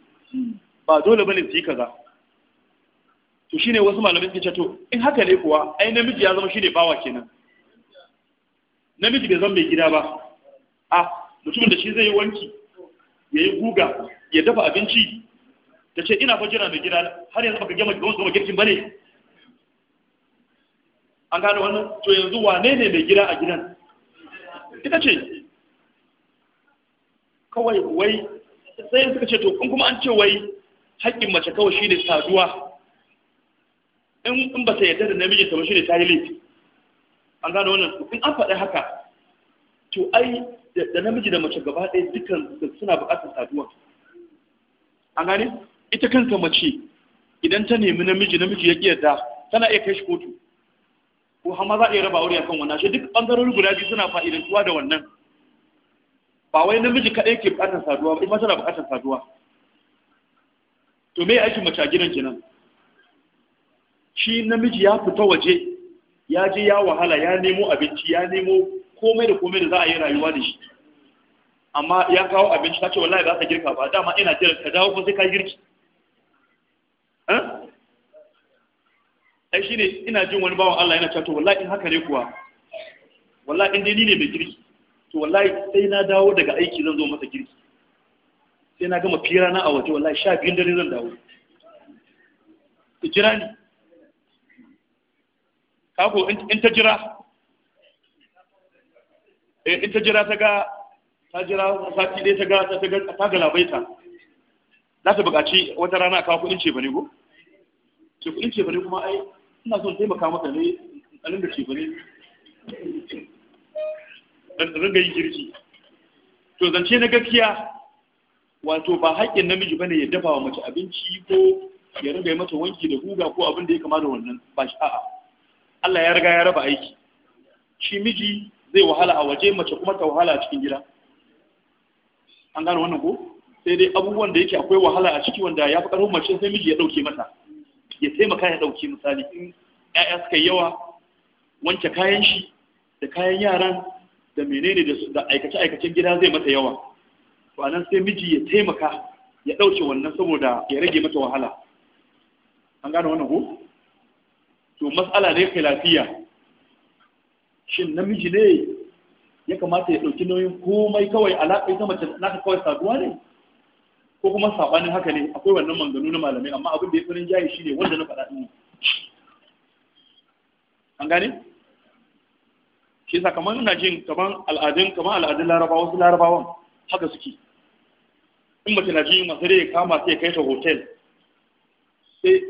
ba dole bane su yi kaza to shine wasu malamai ce to in haka ne kuwa ai namiji ya zama shine bawa kenan namiji bai zama mai gida ba a mutumin da shi zai yi wanki ya yi guga ya dafa abinci ta ce ina fajira mai gida har yanzu baka gama gama gama girkin bane an gano wannan to yanzu wane ne mai gida a gidan ita ce kawai wai sai suka ce to in kuma an ce wai haƙƙin mace kawai shine saduwa in in ba ta yarda da namiji ta ba shine ta yi laifi an gano wannan in an faɗi haka to ai da namiji da mace gaba ɗaya dukkan suna buƙatar saduwa an gane ita kanta mace idan ta nemi namiji namiji ya kiyarta tana iya kai shi kotu ko har ma za a iya raba aure akan wannan shi duk bangarorin guda biyu suna fa'idantuwa da wannan ba wai namiji kaɗai ke buƙatar saduwa ba ita tana buƙatar saduwa to me aiki mace a gidan kenan shi namiji ya fita waje ya je ya wahala ya nemo abinci ya nemo komai da komai da za a yi rayuwa da shi amma ya kawo abinci ta ce wallahi ba ka girka ba dama ina jira ka dawo ko sai ka girki Eh? ai shine ina jin wani bawan Allah yana cewa to wallahi in haka ne kuwa wallahi in dai ni ne mai girki to wallahi sai na dawo daga aiki zan zo masa girki sai na gama fira na a waje wallahi sha biyun dare zan dawo ta jira ni kako in ta jira eh, in ta jira ta ga ta jira sati ɗaya ta ga ta ga ta ga labaita za ta buƙaci wata rana kawo kuɗin ce ba ne ko ce kuɗin kuma ai ina son taimaka masa ne a ringa ce bane ringa yi girki to zance na gaskiya wato ba haƙƙin namiji bane ya dafa wa mace abinci ko ya rage mata wanki da guga ko abin da ya kama da wannan ba shi a'a Allah ya riga ya raba aiki shi miji zai wahala a waje mace kuma ta wahala a cikin gida an gano wannan ko sai dai abubuwan da yake akwai wahala a ciki wanda ya fi ƙarfin mace sai miji ya ɗauke mata ya taimaka ya ɗauki misali in ‘ya'ya suka yi yawa wanke kayan shi da kayan yaran da menene da aikace-aikacen gida zai mata yawa to anan sai miji ya taimaka ya ɗauke wannan saboda ya rage mata wahala an gane wannan ko to matsala ne kai lafiya shin namiji ne ya kamata ya ɗauki nauyin komai kawai alaƙa ita mace naka kawai saduwa ne ko kuma saɓanin haka ne akwai wannan manganu na malamai amma abin da ya farin jayi ne wanda na faɗa ɗin an gane shi yasa kamar ina jin kamar al'adun kamar al'adun laraba wasu larabawan haka suke in mace na jin masu rai kama sai ya kai ta hotel sai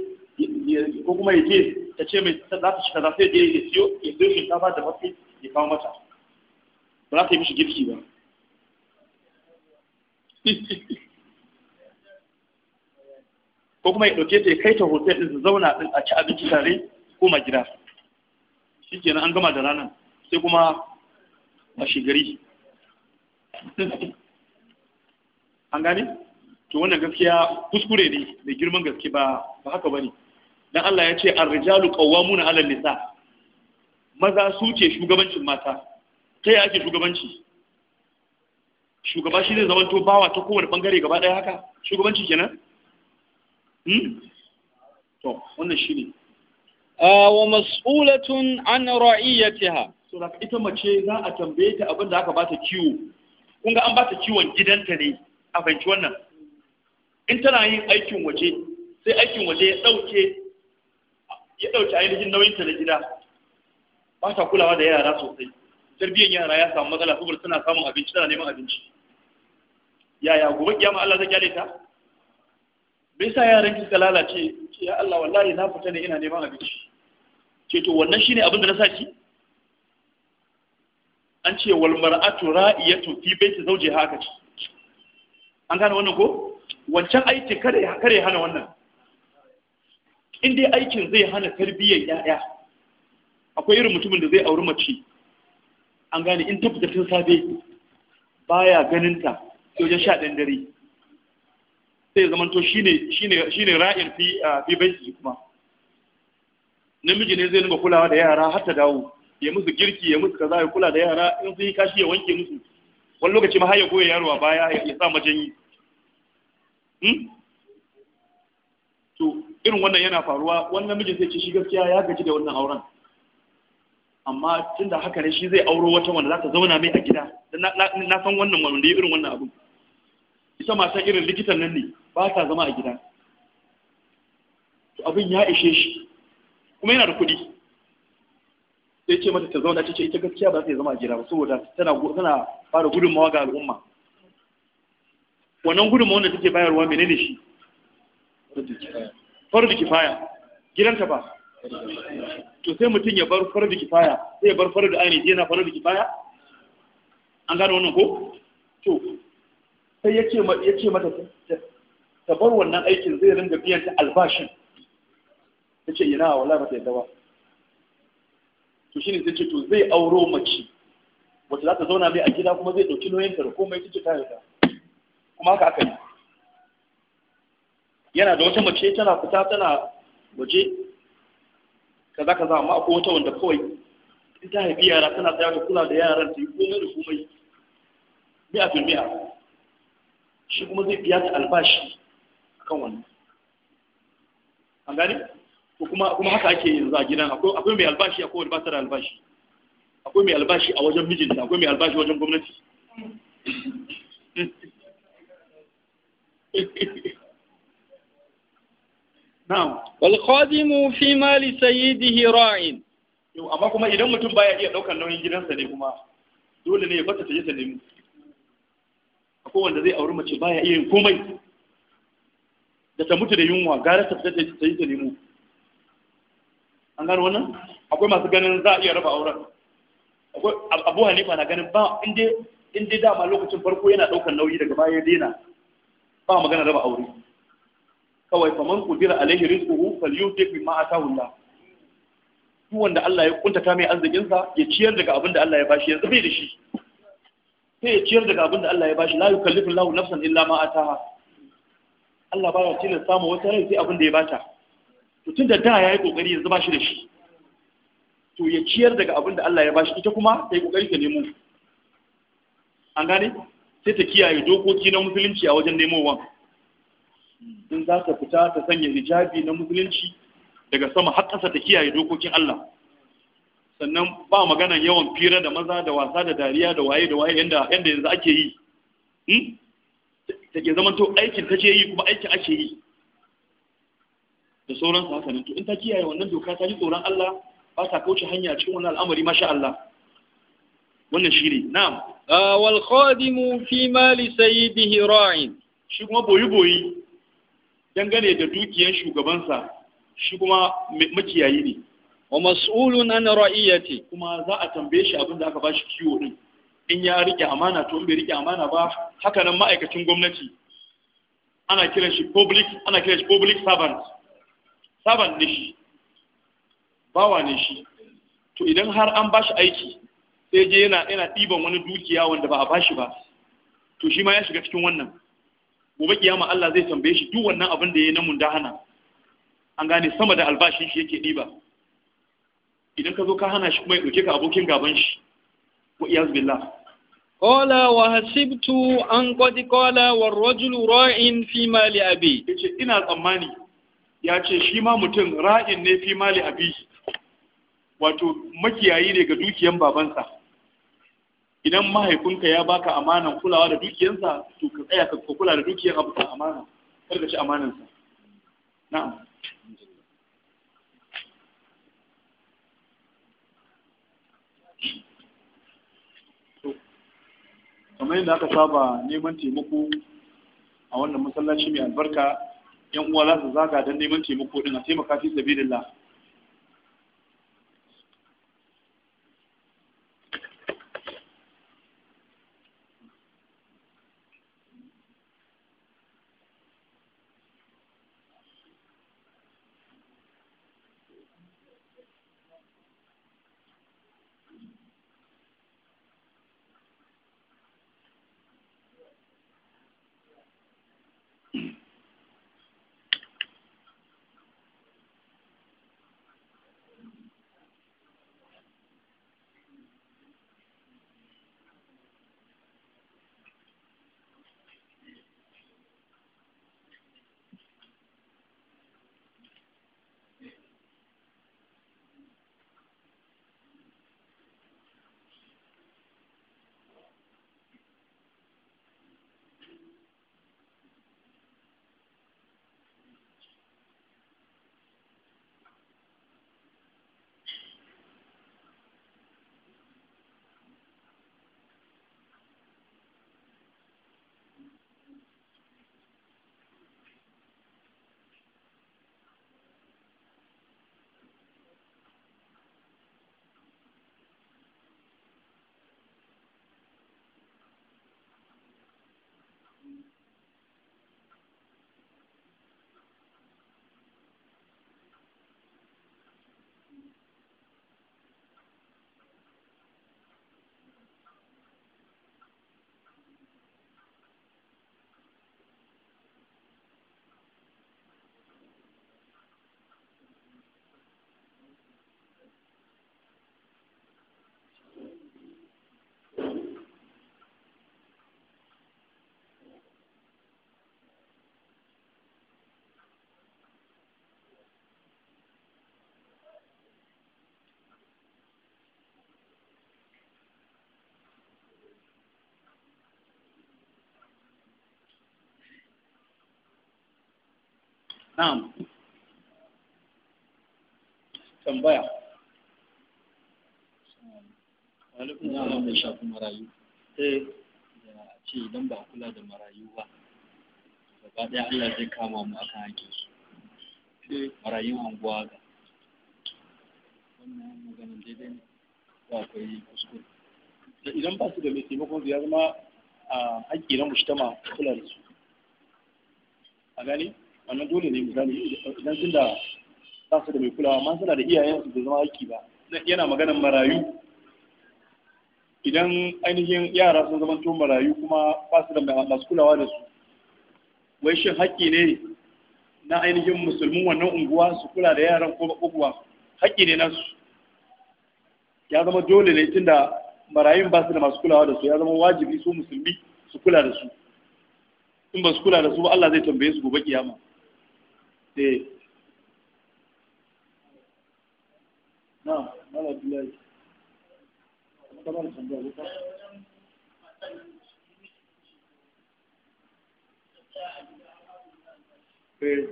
ko kuma ya je ta ce mai za ta shi kaza sai je ya siyo ya siyo shinkafa da mafi ya kawo mata ba za ta yi mishi girki ba ko kuma ya ɗauke ta ya kai ta hotel ɗin su zauna ɗin a ci abinci tare ko ma gida shi kenan an gama da ranar sai kuma a shigari. an gane to wannan gaskiya kuskure ne mai girman gaske ba ba haka bane dan Allah ya ce ar-rijalu qawwamuna 'ala nisa maza su ce shugabancin mata ta yaya ake shugabanci shugaba shi ne zamanto bawa ta kowane bangare gaba daya haka shugabanci kenan Hmm? to wannan shine ah, wa mas'ulatun an ra'iyatiha so da ita mace za a tambaye ta abin da aka bata kiwo kun ga an bata kiwon gidanta ne a fahimci wannan in tana yin aikin waje sai aikin waje ya dauke ya dauke ainihin nauyin ta na gida ba ta kulawa da yara sosai tarbiyyar yara ya samu matsala saboda tana samun abinci tana neman abinci yaya gobe kiyama Allah zai kyale ta me yasa yaran ki suka lalace ce ya Allah wallahi na fita ne ina neman abinci ce to wannan shine abin da na saki an ce wal mar'atu ra'iyatu fi baiti zawjiha haka ce an gane wannan ko wancan aiki kare kare hana wannan in dai aikin zai hana tarbiyyar yaya akwai irin mutumin da zai auri mace an gane in tafi fita safe baya ganin ta wajen sha dan dare sai ya to shi ne ra'in fi banki kuma namiji ne zai nuna kulawa da yara har ta dawo ya musu girki ya musu kaza ya kula da yara in sun yi kashi ya wanke musu wani lokaci ma har ya goya yaro a baya ya sa majanyi hmm? to irin wannan yana faruwa wani namiji sai ce shi gaskiya ya gaji da wannan auren amma tunda haka ne shi zai auro wata wanda za ta zauna mai a gida na san wannan wanda ya irin wannan abin ita matan irin likitan nan ne ba ta zama a gida to abin ya ishe shi kuma yana da kuɗi sai ce mata ta zauna ta ce ita gaskiya ba ta zama a gida ba saboda tana tana fara gudunmawa ga al'umma wannan gudunmawa da take bayarwa menene shi fardu kifaya gidanta ba to sai mutum ya bar fardu kifaya sai ya bar fardu ainihi yana fardu kifaya an gano wannan ko to sai ya ce mata ta bar wannan aikin zai ringa biyan ta albashin ta ce yana wala ba ta yadda ba to shi ne zai ce to zai auro mace wata za ta zauna mai a gida kuma zai ɗauki noyinta da komai ta ce ta kuma haka aka yi yana da wata mace tana fita tana waje kaza kaza amma akwai wata wanda kawai in ta haifi yara tana tsaya da kula da yaran ta yi komai da komai mi'a fil mi'a shi kuma zai biya ta albashi akan wannan an gani kuma haka ake yanzu a gidan akwai mai albashi akwai wani batar da albashi akwai mai albashi a wajen mijinta akwai mai albashi wajen gwamnati na'am wal khadimu fi mali sayyidihi ra'in yau amma kuma idan mutum baya iya daukar nauyin gidansa ne kuma dole ne ya bata ta yi sanin kowanda wanda zai auri mace baya iya yin komai da ta mutu da yunwa gara ta fita ta yi ta nemo an gano wannan akwai masu ganin za a iya raba auren akwai abu hanifa na ganin ba inda inda dama lokacin farko yana ɗaukar nauyi daga baya ya daina ba magana raba aure kawai faman kudira alaihi rizquhu falyutik bima atahu Allah duk wanda Allah ya kuntata mai arzikin sa ya ciyar daga abin da Allah ya bashi yanzu bai da shi sai ya ciyar daga abin da Allah ya bashi la yukallifu Allahu nafsan illa ma ataha Allah baya tilasta samu wata rai sai abin da ya bata to tunda da yayi kokari yanzu bashi da shi to ya ciyar daga abin da Allah ya bashi ita kuma ta yi kokari ta nemo an gane sai ta kiyaye dokoki na musulunci a wajen nemowan in za ta fita ta sanya hijabi na musulunci daga sama har ƙasa ta kiyaye dokokin Allah sannan ba magana yawan fira da maza da wasa da dariya da waye da waye yanda yanda yanzu ake yi hmm? ta ke zama to aikin ce yi kuma aikin ake yi da sauran su haka nan to in ta kiyaye wannan doka ta ji tsoron Allah ba ta kauce hanya cikin wannan al'amari masha Allah wannan shine na'am wal khadimu fi mali sayyidihi ra'in shi kuma boyi boyi dangane da dukiyar shugabansa shi kuma makiyayi ne wa mas'ulun an ra'iyati kuma za a tambaye shi abin da aka bashi kiwo din in ya rike amana to in bai rike amana ba haka nan ma'aikacin gwamnati ana kiran shi public ana kiran shi public servant servant ne shi bawa ne shi to idan har an bashi aiki sai je yana yana ɗiban wani dukiya wanda ba a bashi ba to shi ma ya shiga cikin wannan gobe kiyama Allah zai tambaye shi duk wannan abin da ya yi na mundahana an gane sama da albashin shi yake ɗiba idan ka zo ka hana shi kuma ya ɗauke ka abokin gaban shi wa iyaz billah qala wa hasibtu an qad qala war rajulu ra'in fi mali abi yace ina tsammani ya ce shi ma mutum ra'in ne fi mali abi wato makiyayi ne ga dukiyan babansa idan mahaifinka ya baka amanan kulawa da dukiyansa to ka tsaya ka kula da dukiyan abu amana kar ka ci amanansa na'am kamar yadda aka saba neman taimako a wannan masallaci mai albarka yan uwa za su zaga don neman taimako din a taimaka fi sabilillah na'am tambaya alaikum salam mai shafi marayu eh da ce idan ba kula da marayu ba gaba ɗaya Allah zai kama mu akan hakin su Eh. Marayu anguwa ga wannan maganin daidai ne ba akwai kuskure idan ba su da mai taimakon su ya zama a ah, haƙƙi na mujtama kula da su a gani wannan dole ne misali idan tun da ba su da mai kulawa ma suna da iyayen su da zama aiki ba yana maganar marayu idan ainihin yara sun zama to marayu kuma ba su da masu kulawa da su wai shin haƙƙi ne na ainihin musulmin wannan unguwa su kula da yaran ko kuwa haƙƙi ne nasu ya zama dole ne tunda marayun ba su da masu kulawa da su ya zama wajibi su musulmi su kula da su in ba su kula da su ba Allah zai tambaye su gobe kiyama إيه نعم مالا بالله تمام الحمد إيه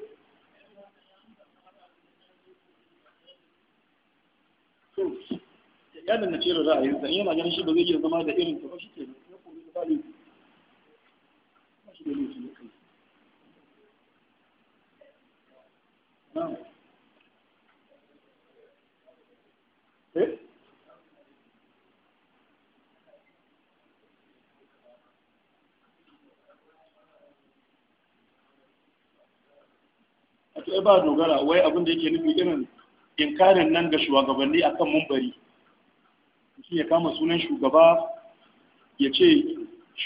ya dangace da ra'ayinsa in yana ganin shi ba zai iya zama da irin ta ba shi ke da ya kuma da ba ne ba shi da ne shi ne kai eh sai ba dogara wai abin da yake nufi irin inkarin nan ga shugabanni a kan mumbari shi ya kama sunan shugaba ya ce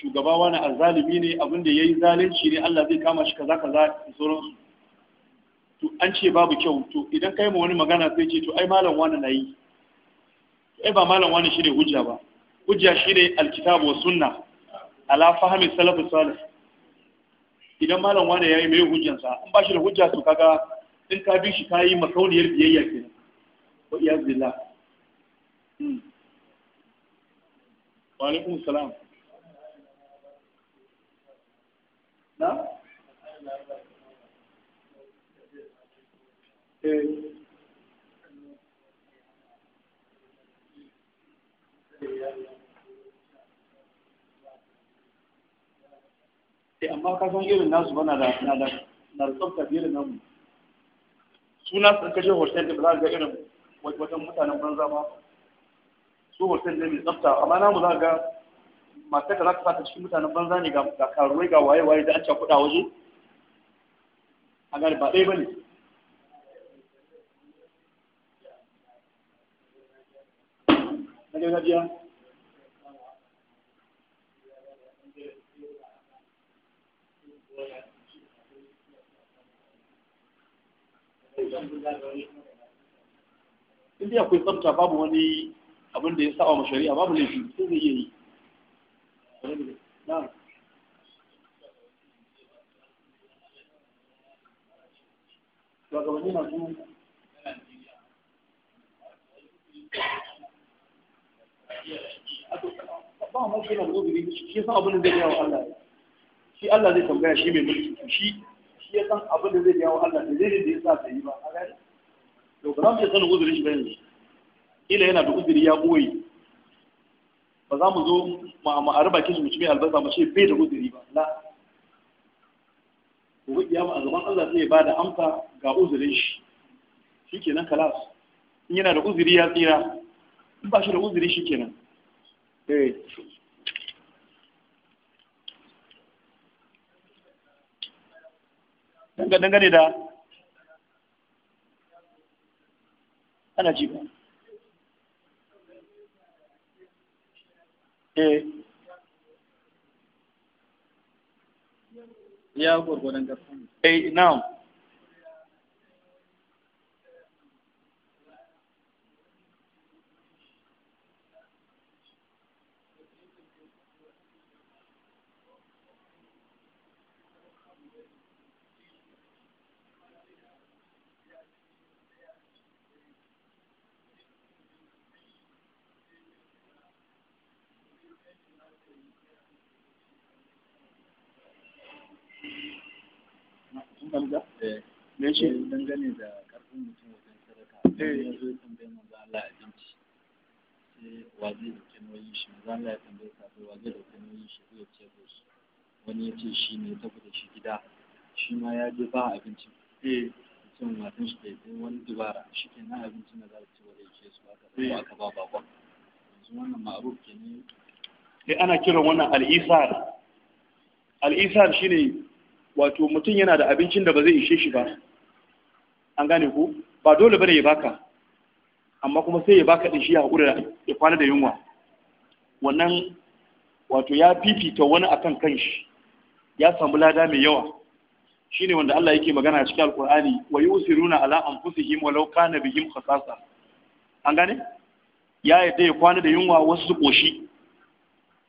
shugaba wani azalimi ne abin da ya yi zalunci ne allah zai kama shi kaza kaza da sauransu to an ce babu kyau to idan kai ma wani magana sai ce to ai malam wani na yi ai ba malam wani shine hujja ba hujja shine alkitabu wa sunna ala fahmi salafus salih idan malam wani yayi mai hujjansa sa an shi da hujja to kaga in ka bi shi kayi makauniyar biyayya kenan wa iyazillah hmm. wa alaikum salam na Eh, amma ka san irin nasu ba na da na da na da tsafta irin namu suna tsarkashin kashe hotel da ba za a ga irin wajen mutanen banza ba su hotel ne mai tsafta amma na mu za ga masu da za ka sata cikin mutanen banza ne ga karuwai ga waye-waye da an cakuɗa waje a gani ba ɗaya ba ne na in dai akwai tsabta babu wani abin da ya saba ma shari'a babu laifi sai zai yi shugabanni masu ba ma shi na uzuri shi san abin da zai yawo Allah shi Allah zai tambaya shi mai mulki shi shi ya san abin da zai yawo Allah da zai da ya sa yi ba a gari to ba za mu iya sanin uzurin shi ba ila yana da uzuri ya boye ba za mu zo mu arba kishi mu ci mai albasa mu ce bai da uzuri ba la ko ya a gaban Allah zai ba da amsa ga uzurin shi shikenan kalas in yana da uzuri ya tsira ba shi da uzuri shi kenan eh dangane da ana ji ba eh ya gwargwadon gaskiya eh now kamga eh, eh, dangane da karfin mutum wajen sadaka eh ya zo ya tambaye manzo Allah abinci sai wa zai dauke nauyin shi manzo Allah ya tambaye sa wa zai dauke nauyin shi zai ce ko shi wani ya ce shi ne saboda shi gida shi ma ya je ba abinci eh mutum matan shi bai bin wani dubara shi ke na abinci na za a ci wanda yake su aka zama aka ba bakon yanzu wannan ma'aruf ke ne sai eh, ana kiran wannan al'isar al'isar shine wato mutum yana da abincin da ba zai ishe shi ba an gane ku ba dole bane ya baka amma kuma sai ya baka din shi ya hakura ya kwana da yunwa wannan wato ya fifita wani akan kanshi ya samu lada mai yawa shine wanda Allah yake magana a cikin alkur'ani wa yusiruna ala anfusihim walau kana bihim khasasa an gane ya yadda ya kwana da yunwa wasu su koshi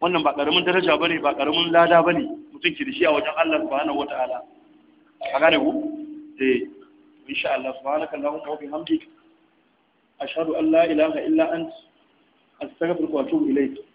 wannan ba karamin daraja bane ba karamin lada bane mutum ki dashi a wajen Allah subhanahu wataala a gane ku eh insha Allah subhanaka allahumma wa bihamdika ashhadu an la ilaha illa anta astaghfiruka wa atubu ilayk